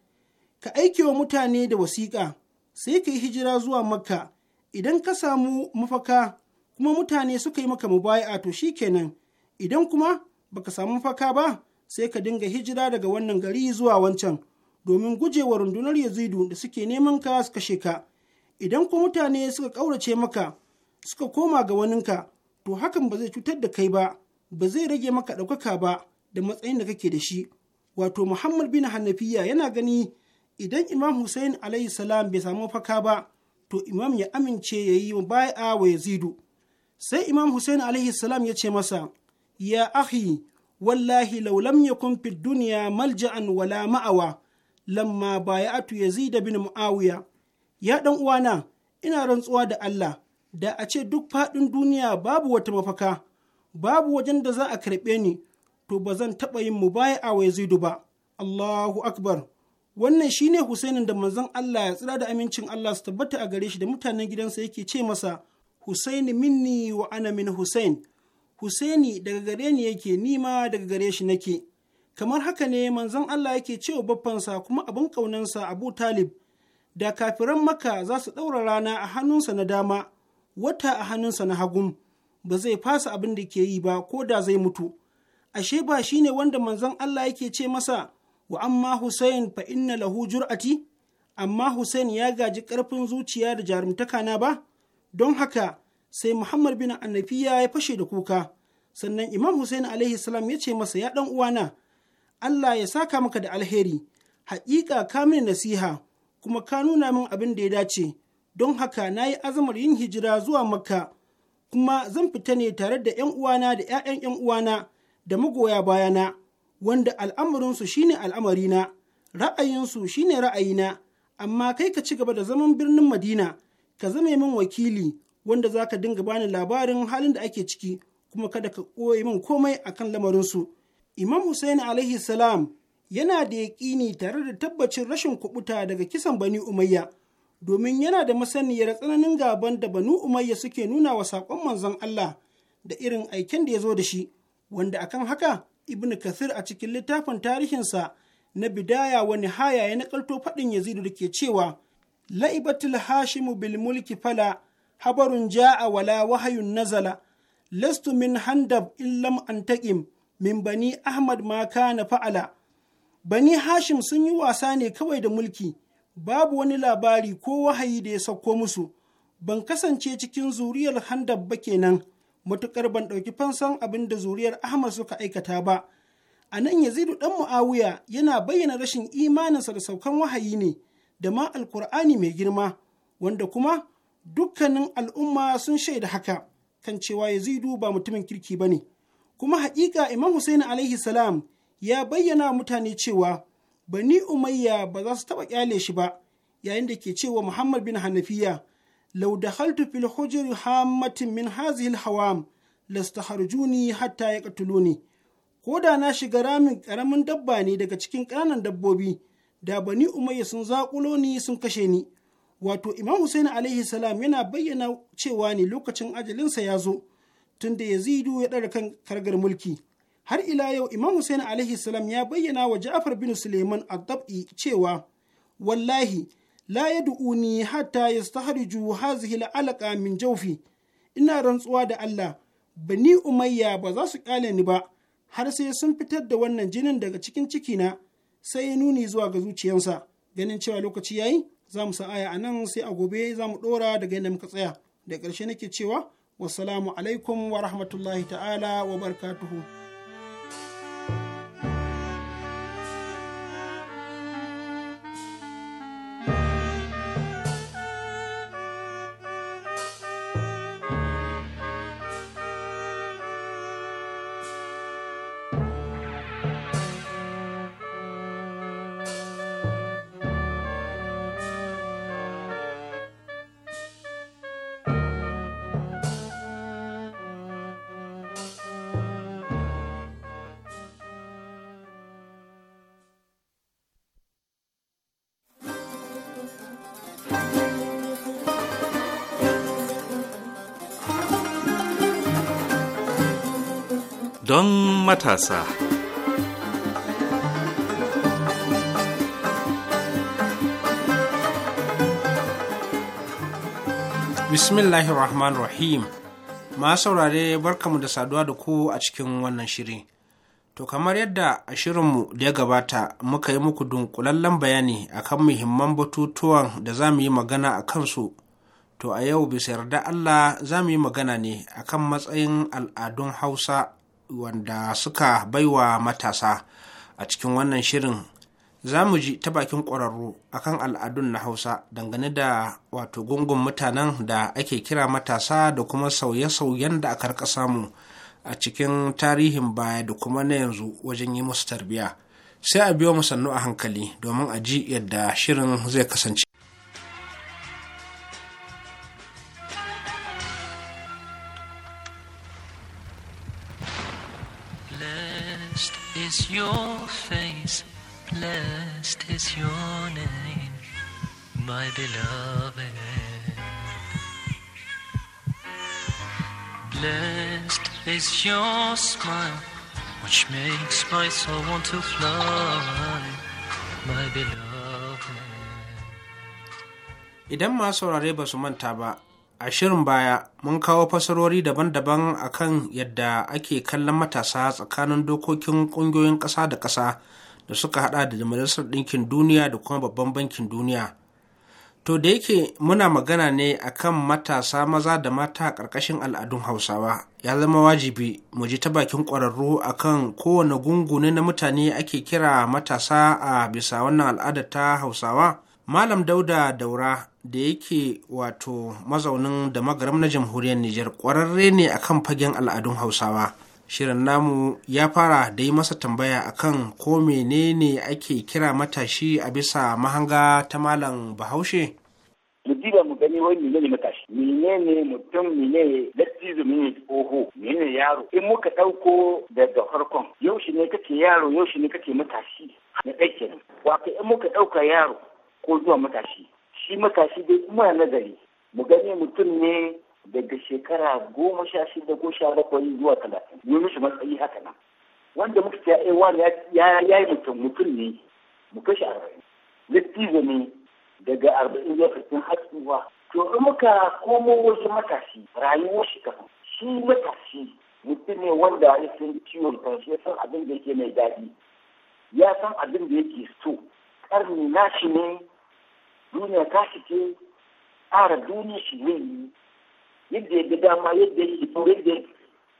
ka aiki wa mutane da wasiƙa sai ka yi hijira zuwa makka idan ka samu mafaka kuma mutane suka yi maka mubaya'a to shi kenan, idan kuma baka samu mafaka ba sai ka dinga hijira daga wannan gari zuwa wancan domin gujewa rundunar yazidu da suke neman ka su kashe ka idan kuma mutane suka ƙaurace maka suka koma ga waninka to hakan ba zai cutar da kai ba ba zai rage maka ɗaukaka ba da matsayin da kake da shi wato muhammad bin hannafiya yana gani idan imam hussein alayhi salam bai samu mafaka ba to imam ya amince ya yi a wa yazidu sai imam hussein alayhi salam ya ce masa ya ahi wallahi laulam ya yakun duniya dunya malja'an wala ma'awa lamma bai'atu yazid bin muawiya ya dan uwana ina rantsuwa da Allah da a ce duk faɗin duniya babu wata mafaka babu wajen da za a karɓe ni to ba zan taɓa yin mubaya wa yazidu ba Allahu akbar wannan shi ne Husainin da manzon Allah ya tsira da amincin Allah su tabbata a gare shi da mutanen gidansa yake ce masa Husaini minni wa ana min Husain Husaini daga gare ni yake nima daga gare shi nake kamar haka ne manzon Allah yake ce wa baffansa kuma abin kaunansa Abu Talib da kafiran maka za su ɗaura rana a hannunsa na dama wata a hannunsa na hagun ba zai fasa abin da ke yi ba ko da zai mutu ashe ba shine wanda manzon Allah yake ce masa wa amma Hussein fa inna lahu jur'ati amma Hussein ya gaji ƙarfin zuciya da jarumtaka na ba don haka sai Muhammad bin Annabiya ya fashe da kuka sannan Imam Hussein alaihi salam ya ce masa ya dan uwana Allah ya saka maka da alheri haƙiƙa ka mini nasiha kuma ka nuna min abin da ya dace don haka na yi azamar yin hijira zuwa makka kuma zan fita ne tare da 'yan uwana da 'ya'yan 'yan uwana da magoya bayana wanda shi shine al'amarina ra'ayinsu shi shine ra'ayina amma kai ka ci gaba da zaman birnin madina ka zame min wakili wanda za ka dinga bani labarin halin da ake ciki kuma kada ka koyi min komai a kan lamarinsu imam hussein alaihi salam yana da yaƙini tare da tabbacin rashin kuɓuta daga kisan bani umayya domin yana da masaniyar tsananin gaban da bani umayya suke nuna wa saƙon manzon allah da irin aiken da ya zo da shi wanda akan haka ibn kathir a cikin littafin tarihinsa na bidaya wani haya ya nakalto faɗin yazidu da ke cewa la'ibatul hashimu bil mulki fala habarun ja'a wala wahayun nazala lastu min handab illam antaƙim min bani ahmad ma na fa'ala bani hashim sun yi wasa ne kawai da mulki babu wani labari ko wahayi da ya sauko musu ban kasance cikin zuriyar handab ba kenan matukar ban ɗauki fansan abin da zuriyar Ahmad suka aikata ba. A nan Yazidu ɗan Mu'awiya yana bayyana rashin imaninsa da saukan wahayi ne da ma Alkur'ani mai girma, wanda kuma dukkanin al'umma sun shaida haka kan cewa Yazidu ba mutumin kirki ba ne. Kuma haƙiƙa Imam Hussein alaihi salam ya bayyana mutane cewa Bani Umayya ba za su taɓa ƙyale shi ba, yayin da ke cewa Muhammad bin Hanafiya لو دخلت في الحجر هامة من هذه الهوام لاستحرجوني حتى يقتلوني koda na shiga ramin karamin dabba ne daga cikin ƙananan dabbobi da bani umayya sun zaƙulo ni sun kashe ni wato imam husain alaihi salam yana bayyana cewa ne lokacin ajalinsa ya zo tunda yazidu ya ɗara kan kargar mulki har ila yau imam husain alaihi salam ya bayyana wa ja'far bin suleiman addab'i cewa wallahi la du'uni hatta yastahriju hazihi al'alqa min jaufi ina rantsuwa da Allah bani umayya ba za su kyale ni ba har sai sun fitar da wannan jinin daga cikin cikina sai ya nuni zuwa ga zuciyansa ganin cewa lokaci yayi za mu sa'aya a nan sai a gobe za mu ɗora daga yadda muka tsaya da ƙarshe nake cewa wasalamu alaikum wa rahmatullahi ta'ala wa barkatuhu. matasa. Bismillahir Rahmanir Rahim. Ma saurare barkamu da saduwa da ku a cikin wannan shiri. To kamar yadda a shirinmu da ya gabata muka yi muku dunkulallen bayani akan muhimman batutuwan da za mu yi magana a kansu. To a yau bisa yarda Allah za mu yi magana ne akan matsayin al'adun Hausa wanda suka baiwa matasa a cikin wannan shirin za mu ji ta bakin ƙwararru akan al'adun na hausa dangane da wato gungun mutanen da ake kira matasa da kuma sauye-sauyen da aka rika samu a cikin tarihin baya da kuma na yanzu wajen yi musu tarbiya sai a biyo mu sannu a hankali domin a ji yadda shirin zai kasance Blessed is your face, blessed is your name, my beloved. Blessed is your smile, which makes my soul want to fly, my beloved. Idan masu saurare ba su manta ba, a shirin baya mun kawo fasarori daban-daban akan yadda ake kallon matasa tsakanin dokokin ƙungiyoyin ƙasa da ƙasa da suka hada da majalisar ɗinkin duniya da kuma babban bankin duniya to da yake muna magana ne akan matasa maza da mata a ƙarƙashin al'adun hausawa ya zama wajibi mu ji ta bakin ƙwararru akan kowane gungune na mutane ake kira matasa a bisa wannan al'adar ta hausawa malam dauda daura da yake wato mazaunin da magaram na jamhuriyar Nijar ƙwararre ne akan fagen al'adun Hausawa. Shirin namu ya fara da yi masa tambaya akan ko menene ake kira matashi a bisa mahanga ta malam Bahaushe. mu diba mu gani wai ne matashi menene mutum menene dattijo ne oho menene yaro in muka dauko daga farkon yaushe ne kake yaro yaushe ne kake matashi na ɗaya nan wato in muka dauka yaro ko zuwa matashi shi makashi dai kuma nazari mu gani mutum ne daga shekara goma sha shida ko sha bakwai zuwa talatin yi mishi matsayi haka nan wanda muka ce ai eh, wani ya yi mutum mutum ne mu kashe arba'in littizo ne daga arba'in zuwa fitin haɗuwa to in muka komo wasu matashi rayuwar shi kafin shi matashi mutum ne wanda ya san ciwon kanshi ya san abin da yake mai daɗi ya san abin da yake so ƙarni nashi ne duniya ta fice tsara duniya shi ne yi yadda ya ga dama yadda ya fito yadda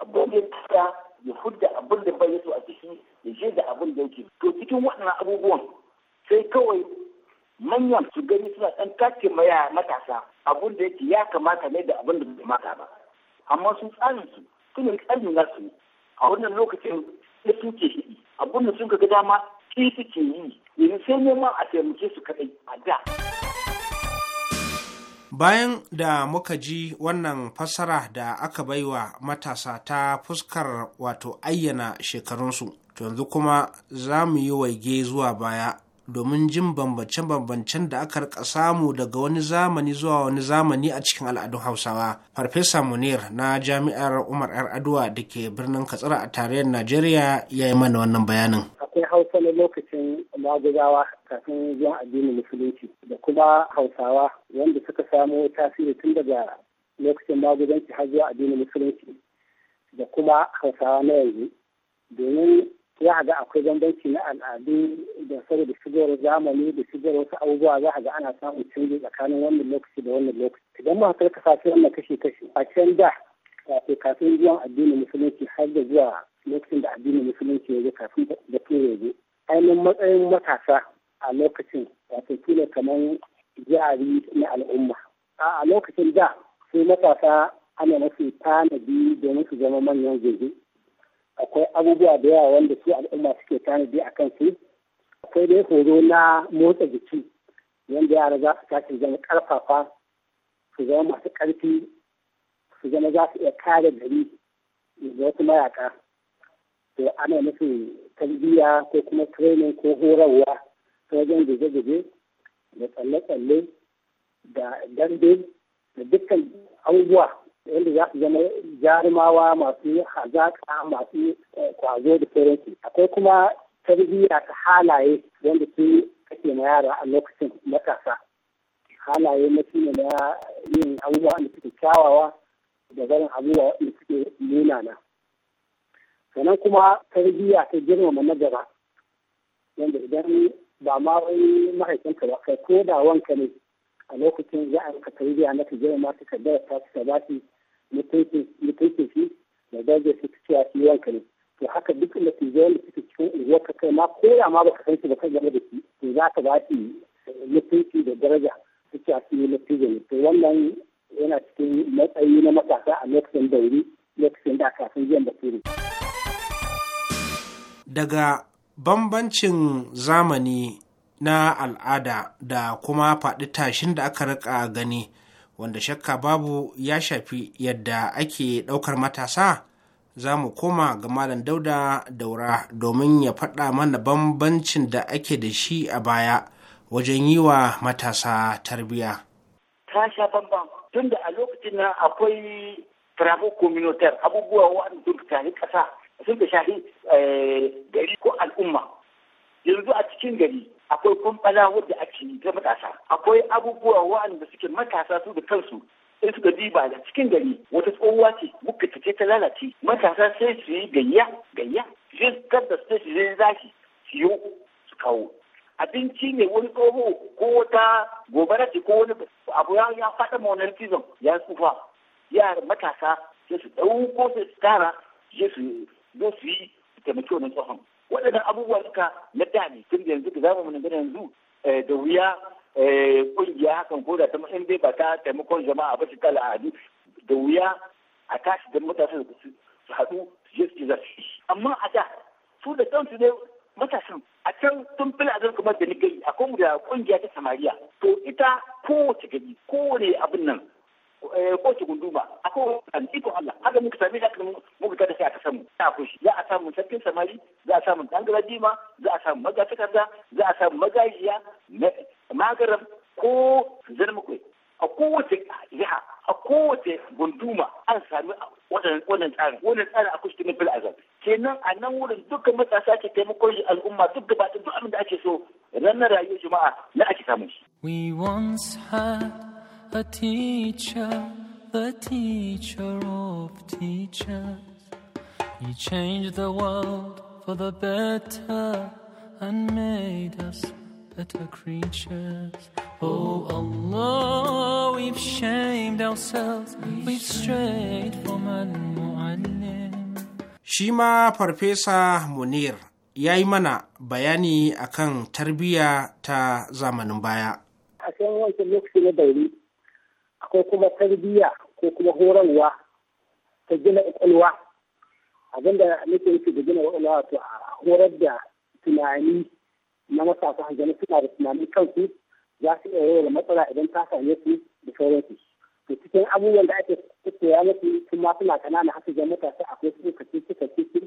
abubuwan da ya fudda abin da bai yaso a ciki ya je da abin da yake to cikin waɗannan abubuwan sai kawai manyan su gani suna ɗan kake maya matasa abin da yake ya kamata ne da abin da bai mata ba amma sun tsarin su suna tsarin nasu a wannan lokacin da suke shi abin da sun ka ga dama kifi suke yi yanzu sai neman a taimake su kaɗai a da. bayan da muka ji wannan fassara da aka baiwa matasa ta fuskar wato ayyana shekarunsu to yanzu kuma za mu yi waige zuwa baya domin jin bambance-bambancen da aka rika samu daga wani zamani zuwa wani zamani a cikin al'adun hausawa farfesa munir na jami'ar umar yar aduwa da ke birnin katsira a tarayyar najeriya ya yi mana wannan bayanin akwai hausa na lokaci maguzawa kafin zuwan addinin musulunci da kuma hausawa wanda suka samo tasiri tun daga lokacin maguzanci har zuwa addinin musulunci da kuma hausawa na yanzu domin za ga akwai bambanci na al'adu da saboda shigowar zamani da shigar wasu abubuwa za a ga ana samun canji tsakanin wannan lokaci da wannan lokaci idan ma ka kasu wannan kashi kashi a can da wato kafin zuwa addinin musulunci har da zuwa lokacin da addinin musulunci ya zo kafin da ya zo ainihin matsayin matasa a lokacin wato kila kamar jihari na al'umma a lokacin da sai matasa ana masu tanadi domin su zama manyan gobe akwai abubuwa da yawa wanda su al'umma suke tanadi a kan su akwai dai horo na motsa jiki yadda yara za su tashi zama karfafa su zama masu karfi su zama za su iya kare gari da wasu mayaka to ana nufin tarbiyya ko kuma training ko horarwa ta wajen guje-guje da tsalle-tsalle da dambe da dukkan abubuwa wanda za su zama jarumawa masu hazaƙa masu kwazo eh, da sauransu akwai kuma tarbiyya ta halaye wanda su kake na yara a lokacin matasa halaye na shine na yin abubuwa da suke kyawawa da barin abubuwa da suke munana sannan kuma tarbiyya ta girmama na gaba wanda idan ba ma wani mahaifinka ba kai ko da wanka ne a lokacin za a maka tarbiyya na ka girmama ta ka darasa ta ka ba shi mutuncin shi da darajar su ta cewa shi wanka ne to haka duk da ke zai da suke cikin unguwar ka kai ma ko da ma baka san shi ba ka game da shi to za ka ba shi mutunci da daraja ta cewa shi mutunci ne to wannan yana cikin matsayi na matasa a lokacin dauri lokacin da kafin jiyan bature. daga bambancin zamani na al'ada da kuma faɗi tashin da aka rika gani wanda shakka babu ya shafi yadda ake ɗaukar matasa za mu koma ga malam dauda daura domin ya faɗa mana bambancin da ake da shi a baya wajen yi wa matasa tarbiya. ta sha bambam tunda a lokacin nan akwai travel communautaire abubuwa wa'anda tare kasa sun da shafi eh, gari ko al'umma yanzu a cikin gari akwai kwamfala wadda ake yi ta matasa akwai abubuwa wa'anda suke matasa su da kansu in suka diba da cikin gari wata tsohuwa ce muka tace ta lalace matasa sai su yi gayya gayya zai kada sai su zai zaki su yi su kawo abinci ne wani tsoho ko wata gobara ce ko wani abu ya faɗa ma wani ya tsufa yara matasa sai su ɗauko sai su tara je su zo su yi su taimaki wani tsohon waɗannan abubuwa suka na da ne tun da yanzu zama mu mun yanzu eh, da wuya eh, ƙungiya hakan ko da ta in dai ba ta taimakon jama'a ba su kala al'adu da wuya a tashi da matasan su haɗu su je su ci zafi amma a da su da kansu ne matasan a can tun fila zan kamar da ni gari akwai mu da kungiya ta samariya to ita kowace gari kowane abin nan kowace eh, ko akwai wani iko Allah haka muka sami haka muka kada sai aka samu ta kushi za a samu sarkin samari za a samu dan za a samu magatakarda za a samu magajiya magaram ko zarmakwai a kowace jiha a kowace gunduma an sami wannan tsarin wannan tsarin akwai shi bil azam kenan a nan wurin dukkan matasa ke taimakon al'umma duk da gaba duk abin da ake so ranar rayuwar jama'a na ake samun shi. We once a teacher, the teacher of teachers. He changed the world for the better and made us better creatures. Oh Allah, we've shamed ourselves, we've strayed from al muallim. Shima ma Munir ya yi mana bayani akan tarbiyya ta zamanin baya. A kan wancan lokaci na Bauri, ko kuma tarbiyya ko kuma horarwa ta gina ƙwaƙwalwa abinda nake yake da gina ƙwaƙwalwa wato a horar da tunani na matasa gani suna da tunanin kansu za su iya yawar matsala idan ta same su da sauransu to cikin abubuwan da ake koya musu sun ma suna kanana haka ga matasa akwai su kace su kace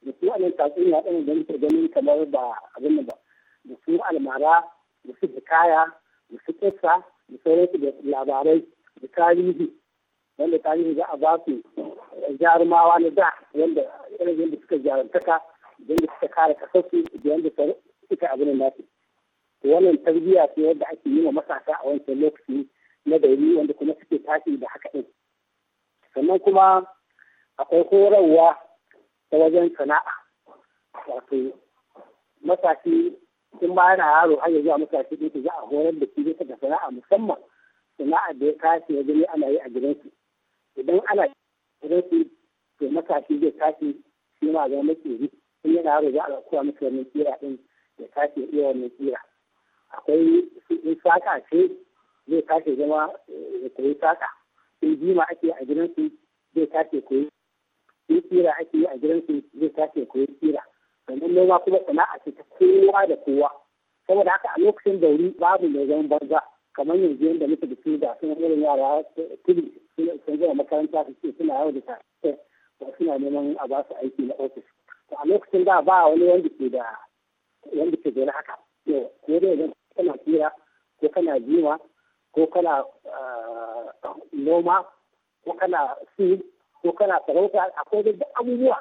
da su anan tatsuniya ɗin da muke ganin kamar ba abin ba da su almara da su hikaya da su kissa da sauransu da labarai tarihi wanda tarihi za a ba su jarumawa na da wanda irin yadda suka jarantaka yadda suka kare kasarsu da yadda suka abin nasu wannan tarbiyya ce wadda ake yi wa matasa a wancan lokaci na dauri wanda kuma suke tashi da haka ɗin sannan kuma akwai horarwa ta wajen sana'a wato matashi in ba yana yaro har ya zuwa matashi ɗin za a horar da shi bisa da sana'a musamman sana'ar da ya kashe ya gani ana yi a gidansu idan ana gidansu to matashi zai kashe shi ma zama yi in yana yaro za a koya masa wani tsira din ya kashe iya wani tsira akwai in saka ce zai kashe zama eh, ya koyi saka in jima ake a gidansu zai kashe koyi in tsira ake yi a gidansu zai kashe koyi tsira sannan noma kuma sana'a ce ta kowa da kowa saboda haka a lokacin dauri babu mai zaman banza kamar yanzu yadda muka da shi da sun irin yara tudu sun zama makaranta su ce suna yau da ba suna neman a ba su aiki na ofis to a lokacin da ba wani wanda ke da wanda ke da haka to ko dai idan kana tsira ko kana jima ko kana eh, noma ko kana su ko kana sarauta akwai duk abubuwa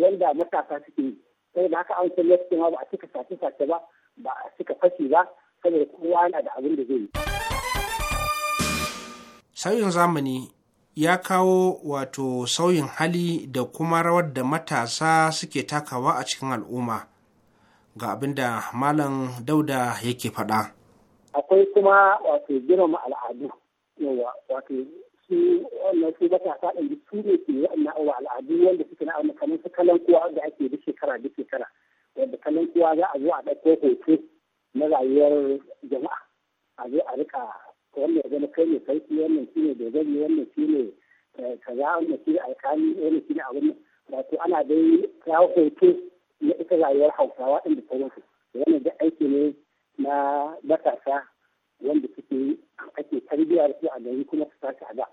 wanda matasa suke yi sai da haka an san lokacin ba a cika sace-sace ba ba a cika fashi ba saboda kowa yana da abin da zai yi. Sauyin zamani ya kawo wato sauyin hali da kuma rawar da matasa suke takawa a cikin al'umma ga abin da malam dauda yake faɗa. akwai kuma wato girmama al'adu yawa wato su wannan su matasa ɗan su ne ke wa'annan awa al'adu wanda suke na amma kamar su kalan kowa da ake da shekara da shekara wanda kalan kowa za a zo a ɗauko hoto na rayuwar jama'a a zo a rika wannan ya zama kai ne sarki wannan shi ne dogari wannan shi ne eh, kaza wannan shi ne alkali wannan shi ne abin wato ana dai kawo hoto na ita rayuwar hausawa ɗin da sauransu wannan da aiki ne na matasa wanda suke ake tarbiyya da su a gari kuma su tashi a da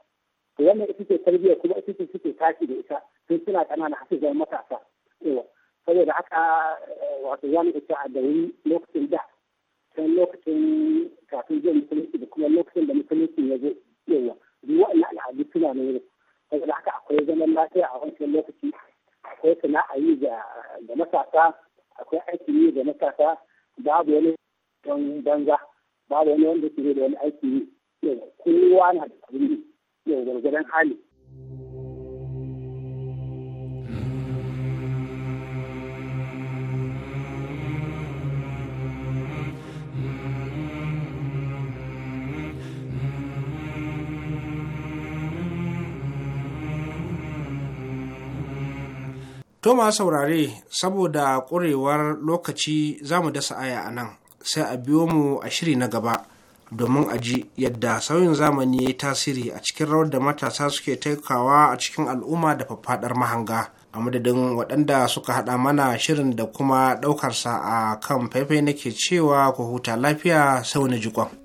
to wannan ita ce tarbiyya kuma ita ce suke tashi da ita tun suna ƙanana har su zama matasa saboda haka eh, wato zamu ita a da wuri lokacin da kan lokacin kafin zai musulunci da kuma lokacin da musulunci ya zo yawa duk waɗannan al'adu suna ne da saboda haka akwai zaman lafiya a wancan lokaci akwai sana'a yi da matasa akwai aiki yi da matasa babu wani don banza babu wani wanda ke da wani aiki yi kowa na da abin yau gwargwadon hali. To ma saurare saboda ƙurewar lokaci za mu dasa aya a nan sai a biyo mu a shiri na gaba domin a ji yadda sauyin zamani ya yi tasiri a cikin rawar da matasa suke taikawa a cikin al'umma da faffaɗar mahanga a madadin waɗanda suka haɗa mana shirin da kuma ɗaukarsa a kan faifai nake cewa ku huta lafiya sau na jikon.